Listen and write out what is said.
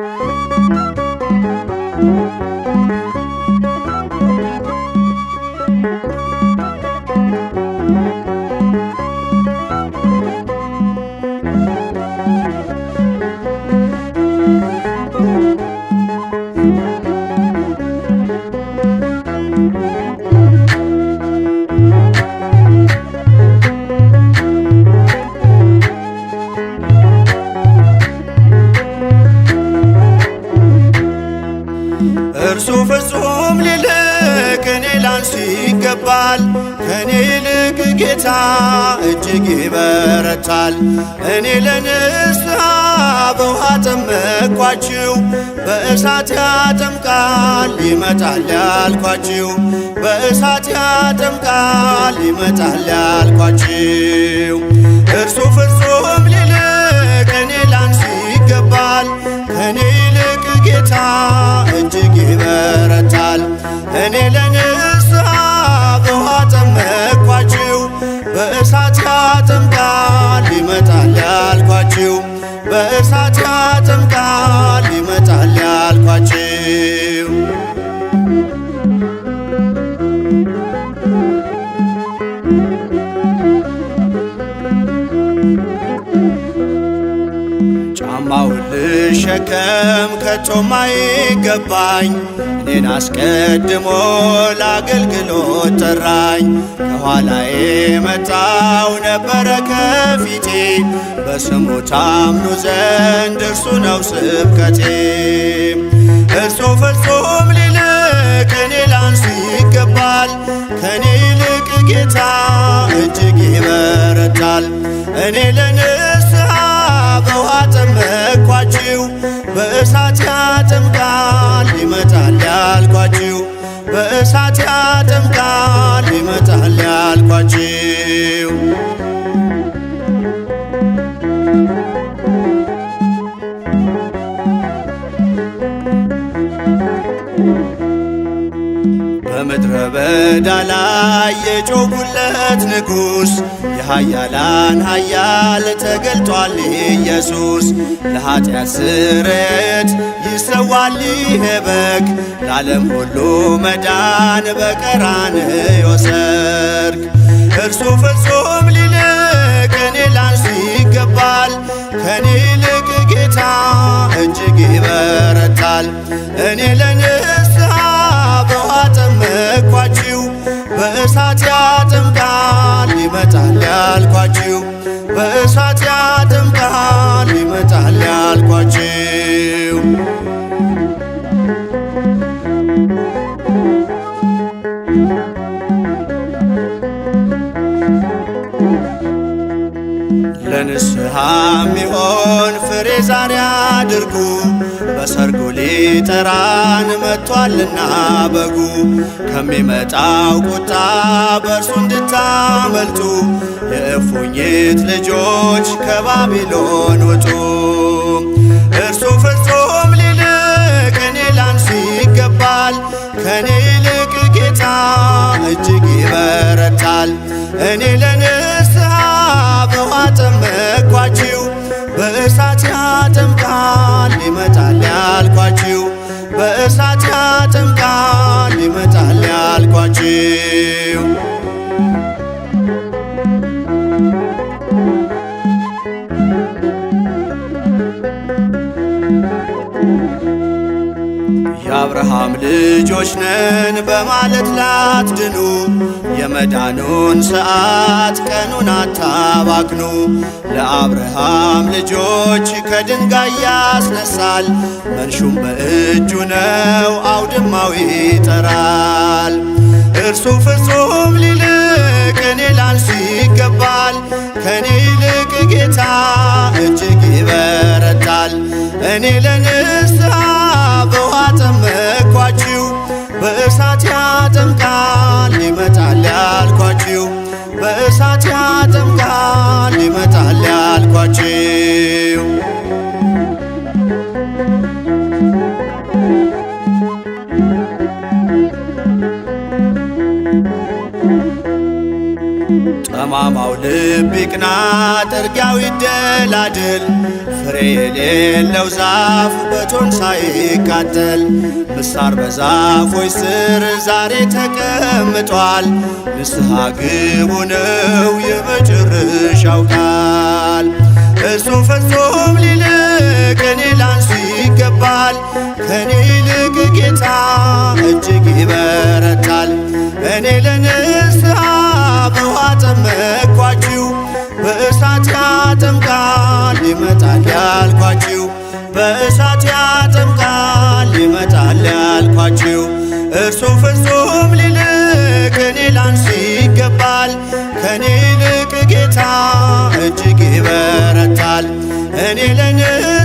Thank you. ይገባል። ከኔ ይልቅ ጌታ እጅግ ይበረታል። እኔ ለንስሐ በውሃ ጠመኳችሁ፣ በእሳት ያጠምቃል ይመጣል ያልኳችሁ፣ በእሳት ያጠምቃል ይመጣል ያልኳችሁ እርሱ ፍጹም ሊልቅ እኔ ላንስ ይገባል ከኔ ይልቅ ጌታ መሸከም ከቶም አይገባኝ እኔን አስቀድሞ ለአገልግሎት ጠራኝ። ከኋላዬ መጣው ነበረ ከፊቴ በስሙ ታምኑ ዘንድ እርሱ ነው ስብከቴ። እርሱ ፍጹም ሊልቅ ከኔ ላንሱ ይገባል። ከኔ ይልቅ ጌታ እጅግ ይበረታል እኔ ለኔ በእሳት ያጠምቃል ይመጣል ያልኳችሁ በእሳት ያጠምቃል ይመጣል ያልኳችሁ በምድረ በዳ ላይ የጮኹ የበዛለት ንጉሥ የኃያላን ኃያል ተገልጧል ኢየሱስ። ለኃጢአት ስርየት ይሰዋል ይሄ በግ ለዓለም ሁሉ መዳን በቀራንዮ ሰርግ እርሱ ፍጹም ሊልቅ ከኔ ላንስ ይገባል ከኔ ይልቅ ጌታ እጅግ ይበረታል እኔ ለንስሐ ሚሆን ፍሬ ዛሬ አድርጉ። በሰርጉ ሊጠራን መጥቷልና በጉ ከሚመጣው ቁጣ በእርሱ እንድታመልጡ የእፉኝት ልጆች ከባቢሎን ወጡ። እርሱ ፍጹም ሊልቅ እኔ ላንሱ ይገባል። ከኔ ይልቅ ጌታ እጅግ ይበረታል። እኔ ለን ያልኳችሁ በእሳት ያጠምቃል ይመጣል ያልኳችሁ በእሳት ያጠምቃል ይመጣል ያልኳችሁ የአብርሃም ልጆች ነን በማለት ላትድኑ የመዳኑን ሰዓት ቀኑን አታባክኑ። ለአብርሃም ልጆች ከድንጋይ ያስነሳል፣ መንሹም በእጁ ነው አውድማው ይጠራል። እርሱ ፍጹም ሊልቅ እኔ ላንስ ይገባል። ከኔ ይልቅ ጌታ እጅግ ይበረታል። እኔ ለኔ በእሳት ያጠምቃል ይመጣል ያልኳችሁ በእሳት ያጠምቃል ይመጣል ያልኳችሁ የዓላማው ልብ ይቅና፣ ጥርጊያው ይደላድል፣ ፍሬ የሌለው ዛፍ በቶን ሳይቃጠል ምሳር በዛፎች ስር ዛሬ ተቀምጧል። ንስሐ ግቡ ነው የመጨረሻው ቃል። እሱ ፍጹም ሊልቅ ከኔ ላንሱ ይገባል። ከኔ ይልቅ ጌታ እጅግ ይበረታል። እኔ ለነ ይመጣል ያልኳችሁ በእሳት ያጠምቃል ይመጣል ያልኳችሁ እርሱ ፍጹም ሊልቅ ከኔ ላንስ ይገባል። ከኔ ይልቅ ጌታ እጅግ ይበረታል እኔ ለን